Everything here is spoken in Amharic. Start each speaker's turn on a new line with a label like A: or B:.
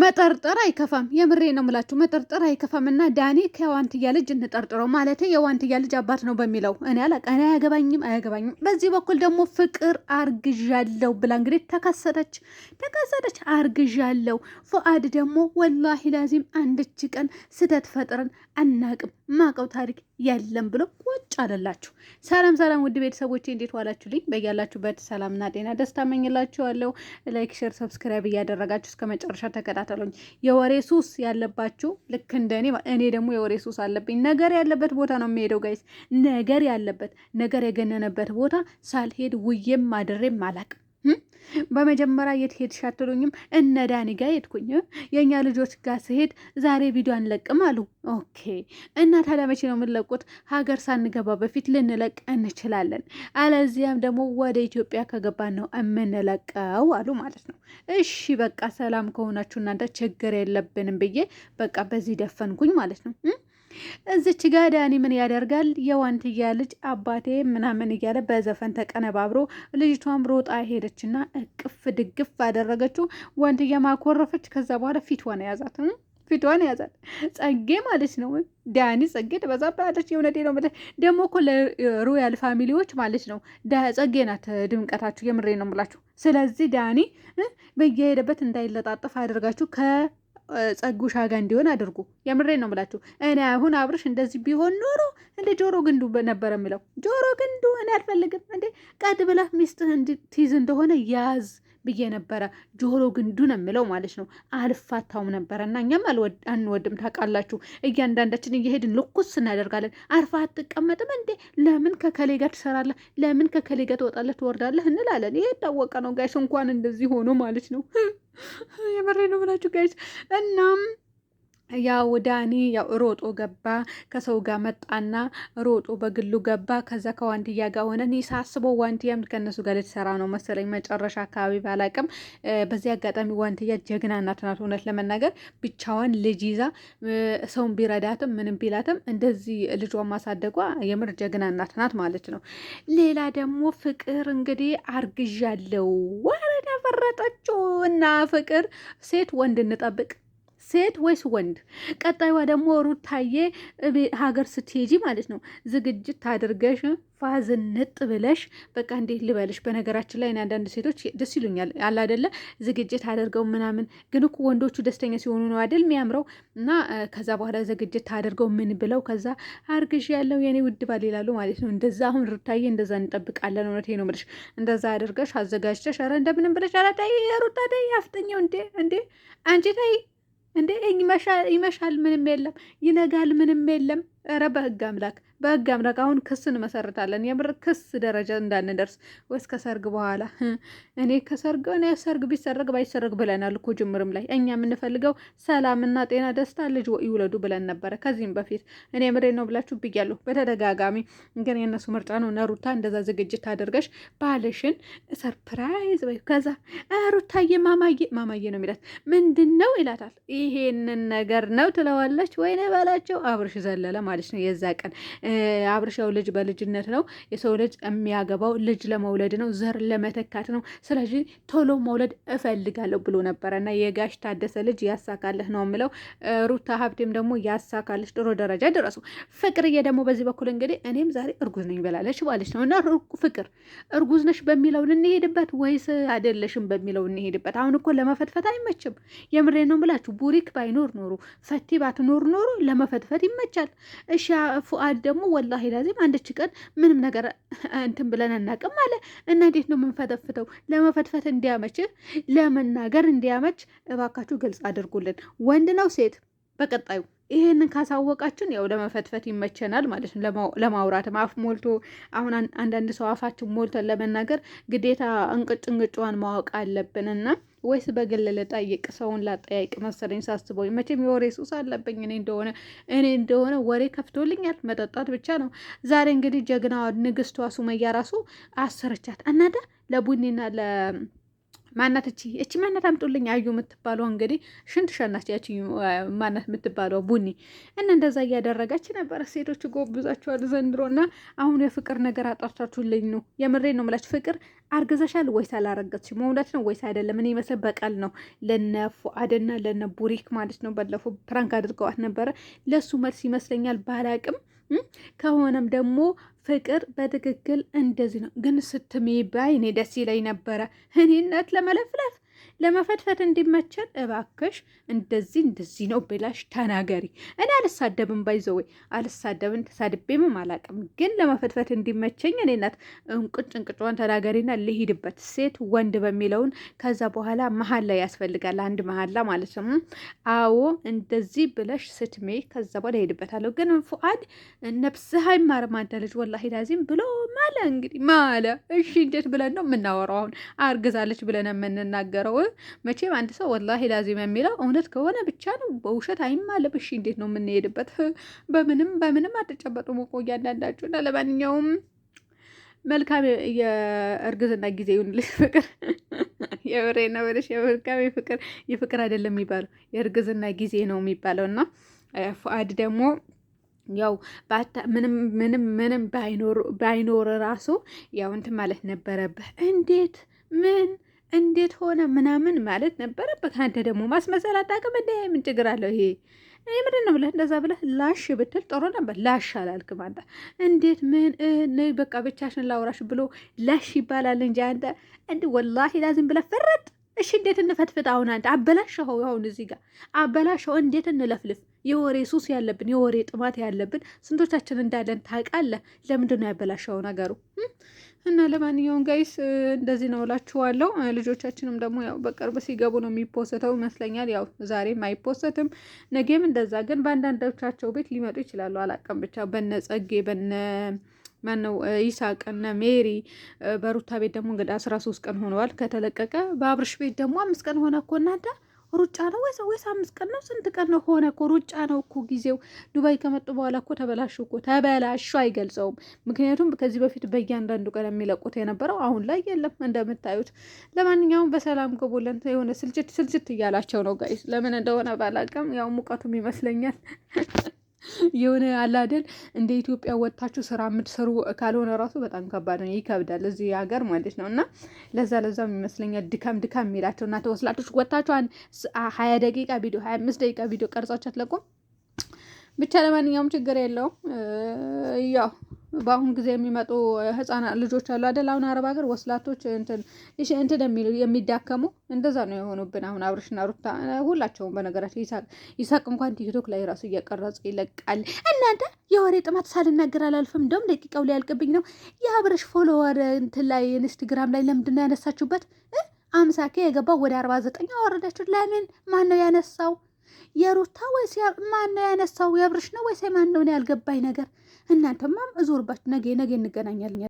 A: መጠርጠር አይከፋም። የምሬ ነው ምላችሁ፣ መጠርጠር አይከፋም። እና ዳኒ ከዋንትያ ልጅ እንጠርጥረው ማለት የዋንትያ ልጅ አባት ነው በሚለው እኔ አላቅ እኔ አያገባኝም አያገባኝም። በዚህ በኩል ደግሞ ፍቅር አርግዣለሁ ብላ እንግዲህ ተከሰተች ተከሰተች፣ አርግዣለሁ። ፉአድ ደግሞ ወላሂ ላዚም አንድች ቀን ስህተት ፈጥረን አናቅም ማቀው ታሪክ የለም ብሎ ቁጭ አለላችሁ። ሰላም ሰላም፣ ውድ ቤተሰቦቼ እንዴት ዋላችሁልኝ? በያላችሁበት ሰላምና ጤና ደስታ መኝላችኋለሁ። ላይክ፣ ሼር፣ ሰብስክራይብ እያደረጋችሁ እስከ መጨረሻ ተከታተሉ። ተከታተሉኝ። የወሬ ሱስ ያለባችሁ ልክ እንደኔ፣ እኔ ደግሞ የወሬ ሱስ አለብኝ። ነገር ያለበት ቦታ ነው የሚሄደው ጋይስ፣ ነገር ያለበት ነገር የገነነበት ቦታ ሳልሄድ ውዬም አድሬም አላቅም። በመጀመሪያ የት ሄድሽ አትሉኝም? እነ ዳኒ ጋ ሄድኩኝ። የእኛ ልጆች ጋር ስሄድ ዛሬ ቪዲዮ አንለቅም አሉ። ኦኬ። እና ታዲያ መቼ ነው የምንለቁት? ሀገር ሳንገባ በፊት ልንለቅ እንችላለን። አለዚያም ደግሞ ወደ ኢትዮጵያ ከገባን ነው የምንለቀው አሉ ማለት ነው። እሺ በቃ ሰላም ከሆናችሁ እናንተ ችግር የለብንም ብዬ በቃ በዚህ ደፈንኩኝ ማለት ነው። እዚች ጋ ዳኒ ምን ያደርጋል? የዋንትያ ልጅ አባቴ ምናምን እያለ በዘፈን ተቀነባብሮ ልጅቷም ሮጣ ሄደችና እቅፍ ድግፍ አደረገችው። ዋንትያ ማኮረፈች። ከዛ በኋላ ፊቷን ያዛት፣ ፊቷን ያዛት። ጸጌ ማለት ነው ዳኒ ጸጌ በዛ ባለች ነው ማለት ደግሞ እኮ ለሮያል ፋሚሊዎች ማለት ነው ጸጌ ናት ድምቀታችሁ። የምሬ ነው ምላችሁ ስለዚህ ዳኒ በየሄደበት እንዳይለጣጠፍ አድርጋችሁ ከ ጸጉሻ ጋር እንዲሆን አድርጉ። የምሬ ነው ምላችሁ። እኔ አሁን አብርሽ እንደዚህ ቢሆን ኖሮ እንደ ጆሮ ግንዱ ነበረ ምለው። ጆሮ ግንዱ እኔ አልፈልግም እንዴ! ቀድ ብለህ ሚስትህ ትይዝ እንደሆነ ያዝ ብዬ ነበረ። ጆሮ ግንዱ ነው የምለው ማለት ነው። አልፋታውም ነበረ እና እኛም አንወድም ታውቃላችሁ። እያንዳንዳችን እየሄድን ልኩስ እናደርጋለን። አርፋ አትቀመጥም እንዴ? ለምን ከከሌ ጋር ትሰራለህ? ለምን ከከሌ ጋር ትወጣለህ ትወርዳለህ? እንላለን። ይሄ የታወቀ ነው ጋይስ። እንኳን እንደዚህ ሆኖ ማለት ነው። የመሬ ነው ብላችሁ ጋይስ እናም ያው ዳኒ ያው ሮጦ ገባ ከሰው ጋር መጣና ሮጦ በግሉ ገባ። ከዛ ከዋንድያ ጋር ሆነ። እኔ ሳስበው ዋንድያም ከነሱ ጋር ልትሰራ ነው መሰለኝ መጨረሻ አካባቢ ባላቅም። በዚህ አጋጣሚ ዋንድያ ጀግና እናት ናት። እውነት ለመናገር ብቻዋን ልጅ ይዛ ሰውን ቢረዳትም ምንም ቢላትም እንደዚህ ልጇን ማሳደጓ የምር ጀግና እናት ናት ማለት ነው። ሌላ ደግሞ ፍቅር እንግዲህ አርግዣለው ወረዳ ፈረጠችው እና ፍቅር ሴት ወንድ እንጠብቅ ሴት ወይስ ወንድ? ቀጣይዋ ደግሞ ሩታዬ ሀገር ስትሄጂ ማለት ነው ዝግጅት ታድርገሽ ፋዝንጥ ብለሽ በቃ እንዴት ልበልሽ። በነገራችን ላይ አንዳንድ ሴቶች ደስ ይሉኛል አለ አደለ ዝግጅት አድርገው ምናምን፣ ግን እኮ ወንዶቹ ደስተኛ ሲሆኑ ነው አይደል የሚያምረው። እና ከዛ በኋላ ዝግጅት አድርገው ምን ብለው ከዛ አርግሽ ያለው የኔ ውድ ባል ይላሉ ማለት ነው። እንደዛ አሁን ሩታዬ እንደዛ እንጠብቃለን። እውነት ነው የምልሽ። እንደዛ አድርገሽ አዘጋጅተሽ ኧረ እንደምንም ብለሽ አላታይ ሩታ ታይ አፍጠኛው እንዴ እንዴ አንቺ ታይ እንዴ ይመሻል ምንም የለም፣ ይነጋል ምንም የለም። ረ በህግ አምላክ በህግ አምላክ አሁን ክስ እንመሰርታለን። የምር ክስ ደረጃ እንዳንደርስ ወይስ ከሰርግ በኋላ እኔ ከሰርግ እኔ ሰርግ ቢሰረግ ባይሰረግ ብለናል እኮ ጅምርም ላይ እኛ የምንፈልገው ሰላምና ጤና፣ ደስታ ልጅ ይውለዱ ብለን ነበረ። ከዚህም በፊት እኔ ምሬ ነው ብላችሁ ብያለሁ በተደጋጋሚ። ግን የእነሱ ምርጫ ነው ነሩታ እንደዛ ዝግጅት አድርገሽ ባልሽን ሰርፕራይዝ ወይ ከዛ ሩታዬ ማማዬ ማማዬ ነው የሚላት ምንድን ነው ይላታል። ይሄንን ነገር ነው ትለዋለች። ወይኔ በላቸው አብርሽ ዘለለ ማለት ነው። የዛ ቀን አብርሻው ልጅ በልጅነት ነው። የሰው ልጅ የሚያገባው ልጅ ለመውለድ ነው፣ ዘር ለመተካት ነው። ስለዚህ ቶሎ መውለድ እፈልጋለሁ ብሎ ነበረ እና የጋሽ ታደሰ ልጅ ያሳካልህ ነው የምለው። ሩታ ሀብቴም ደግሞ ያሳካልሽ፣ ጥሩ ደረጃ ደረሱ። ፍቅርዬ ደግሞ በዚህ በኩል እንግዲህ እኔም ዛሬ እርጉዝ ነኝ ብላለች ማለት ነው እና ፍቅር እርጉዝ ነሽ በሚለው ልንሄድበት ወይስ አይደለሽም በሚለው እንሄድበት። አሁን እኮ ለመፈትፈት አይመችም። የምሬ ነው ብላችሁ ቡሪክ ባይኖር ኖሩ ፈቲ ባትኖር ኖሩ ለመፈትፈት ይመቻል። እሺ ፉአድ ደግሞ ወላሂ ላዚም አንድች ቀን ምንም ነገር እንትን ብለን አናውቅም አለ እና እንዴት ነው የምንፈተፍተው? ለመፈትፈት እንዲያመች ለመናገር እንዲያመች እባካችሁ ግልጽ አድርጉልን። ወንድ ነው ሴት? በቀጣዩ ይሄንን ካሳወቃችን ያው ለመፈትፈት ይመቸናል ማለት ነው። ለማውራትም አፍ ሞልቶ አሁን አንዳንድ ሰው አፋችን ሞልተን ለመናገር ግዴታ እንቅጭ እንቅጭዋን ማወቅ እና ወይስ በግል ልጠይቅ? ሰውን ላጠያይቅ መሰለኝ ሳስበው። መቼም የወሬ ሱስ አለብኝ እኔ እንደሆነ እኔ እንደሆነ ወሬ ከፍቶልኛል። መጠጣት ብቻ ነው። ዛሬ እንግዲህ ጀግናዋ ንግስቷ ሱመያ ራሱ አሰረቻት። እናዳ ለቡኒና ለ ማናት እቺ እቺ ማናት አምጡልኝ አዩ የምትባለው እንግዲህ ሽንት ሸናች ያቺ ማናት የምትባለው ቡኒ እና እንደዛ እያደረጋች ነበረ። ሴቶች ጎብዛችኋል ዘንድሮ እና አሁን የፍቅር ነገር አጣርታችሁልኝ ነው። የምሬ ነው የምላችሁ። ፍቅር አርግዘሻል ወይስ አላረገች መውለድ ነው ወይስ አይደለም? እኔ መሰል በቀል ነው ለነ ፉአድና ለነ ቡሪክ ማለት ነው። ባለፈው ፕራንክ አድርገዋት ነበረ። ለእሱ መልስ ይመስለኛል ባላቅም ከሆነም ደግሞ ፍቅር በትክክል እንደዚህ ነው። ግን ስትሜ ባይ እኔ ደስ ይለኝ ነበረ እኔነት ለመለፍለፍ ለመፈትፈት እንዲመቸን እባክሽ እንደዚህ እንደዚህ ነው ብላሽ ተናገሪ። እኔ አልሳደብም፣ ባይዘወይ አልሳደብን ተሳድቤምም አላቅም። ግን ለመፈትፈት እንዲመቸኝ እኔ ናት እንቁጭ እንቅጫዋን ተናገሪና ልሂድበት። ሴት ወንድ በሚለውን ከዛ በኋላ መሀል ላይ ያስፈልጋል አንድ መሀል መሀላ ማለት ነው። አዎ እንደዚህ ብለሽ ስትሜ ከዛ በኋላ ሄድበታለሁ። ግን ፉአድ ነብስህ አይማርም አንተ ልጅ ወላሂ ላዚም ብሎ ማለ እንግዲህ ማለ። እሺ እንዴት ብለን ነው የምናወራው? አሁን አርግዛለች ብለን የምንናገረው መቼም አንድ ሰው ወላሂ ላዚም የሚለው እውነት ከሆነ ብቻ ነው። በውሸት አይማለም። እሺ እንዴት ነው የምንሄድበት? በምንም በምንም አትጨበጡ ሞቆ እያንዳንዳችሁ እና ለማንኛውም መልካም የእርግዝና ጊዜ ይሁንልሽ። ፍቅር የብሬ ነው ብለሽ የመልካም ፍቅር የፍቅር አይደለም የሚባለው የእርግዝና ጊዜ ነው የሚባለው እና ፍአድ ደግሞ ያው ምንም ምንም ምንም ባይኖር ራሱ ያው እንትን ማለት ነበረብህ። እንዴት ምን እንዴት ሆነ ምናምን ማለት ነበረበት። አንተ ደግሞ ማስመሰል አታውቅም። እንደ ምን ችግር አለው ይሄ ይህ ምንድን ነው ብለህ እንደዛ ብለህ ላሽ ብትል ጥሩ ነበር። ላሽ አላልክም አንተ። እንዴት ምን ነይ በቃ ብቻሽን ላውራሽ ብሎ ላሽ ይባላል እንጂ አንተ እንዲህ ወላሂ ላዚም ብለህ ፈረጥ። እሺ እንዴት እንፈትፍጥ አሁን አንተ አበላሸኸው። አሁን እዚህ ጋር አበላሸኸው። እንዴት እንለፍልፍ? የወሬ ሱስ ያለብን የወሬ ጥማት ያለብን ስንቶቻችን እንዳለን ታውቃለህ። ለምንድን ነው ያበላሸኸው ነገሩ? እና ለማንኛውም ጋይስ እንደዚህ ነው እላችኋለሁ። ልጆቻችንም ደግሞ ያው በቅርብ ሲገቡ ነው የሚፖሰተው ይመስለኛል። ያው ዛሬም አይፖሰትም፣ ነገም እንደዛ ግን በአንዳንዶቻቸው ቤት ሊመጡ ይችላሉ። አላቀም ብቻ በነ ጸጌ በነ ማነው ይሳቅ እነ ሜሪ በሩታ ቤት ደግሞ እንግዲህ አስራ ሶስት ቀን ሆነዋል ከተለቀቀ። በአብርሽ ቤት ደግሞ አምስት ቀን ሆነ እኮ እናንተ ሩጫ ነው ወይስ ወይስ አምስት ቀን ነው ስንት ቀን ነው ሆነ እኮ ሩጫ ነው እኮ ጊዜው ዱባይ ከመጡ በኋላ እኮ ተበላሹ እኮ ተበላሹ አይገልጸውም ምክንያቱም ከዚህ በፊት በእያንዳንዱ ቀን የሚለቁት የነበረው አሁን ላይ የለም እንደምታዩት ለማንኛውም በሰላም ግቡልን የሆነ ስልችት ስልችት እያላቸው ነው ጋይስ ለምን እንደሆነ ባላቅም ያው ሙቀቱም ይመስለኛል የሆነ አላደል እንደ ኢትዮጵያ ወጥታችሁ ስራ የምትሰሩ ካልሆነ ራሱ በጣም ከባድ ነው፣ ይከብዳል እዚህ ሀገር ማለት ነው። እና ለዛ ለዛም ይመስለኛል ድካም ድካም የሚላቸው እና ተወስላችሁ ወጥታችሁ ሀያ ደቂቃ ቪዲዮ ሀያ አምስት ደቂቃ ቪዲዮ ቀርጻችሁ አትለቁም። ብቻ ለማንኛውም ችግር የለውም ያው በአሁን ጊዜ የሚመጡ ህጻናት ልጆች አሉ አደል? አሁን አረብ ሀገር ወስላቶች እንትን የሚሉ የሚዳከሙ እንደዛ ነው የሆኑብን። አሁን አብርሽና ሩታ ሁላቸውም በነገራቸው ይሳቅ ይሳቅ እንኳን ቲክቶክ ላይ ራሱ እየቀረጹ ይለቃል። እናንተ የወሬ ጥማት ሳልናገር አላልፍም። እንደውም ደቂቃው ሊያልቅብኝ ነው። የአብርሽ ፎሎወር እንትን ላይ ኢንስትግራም ላይ ለምንድን ነው ያነሳችሁበት? አምሳኬ የገባው ወደ አርባ ዘጠኝ አወረዳችሁ። ለምን? ማን ነው ያነሳው? የሩታ ወይስ ማን ነው ያነሳው? የአብርሽ ነው ወይስ ማን ነው? ያልገባኝ ነገር እናንተማ እዞርባችሁ ነገ ነገ እንገናኛለን።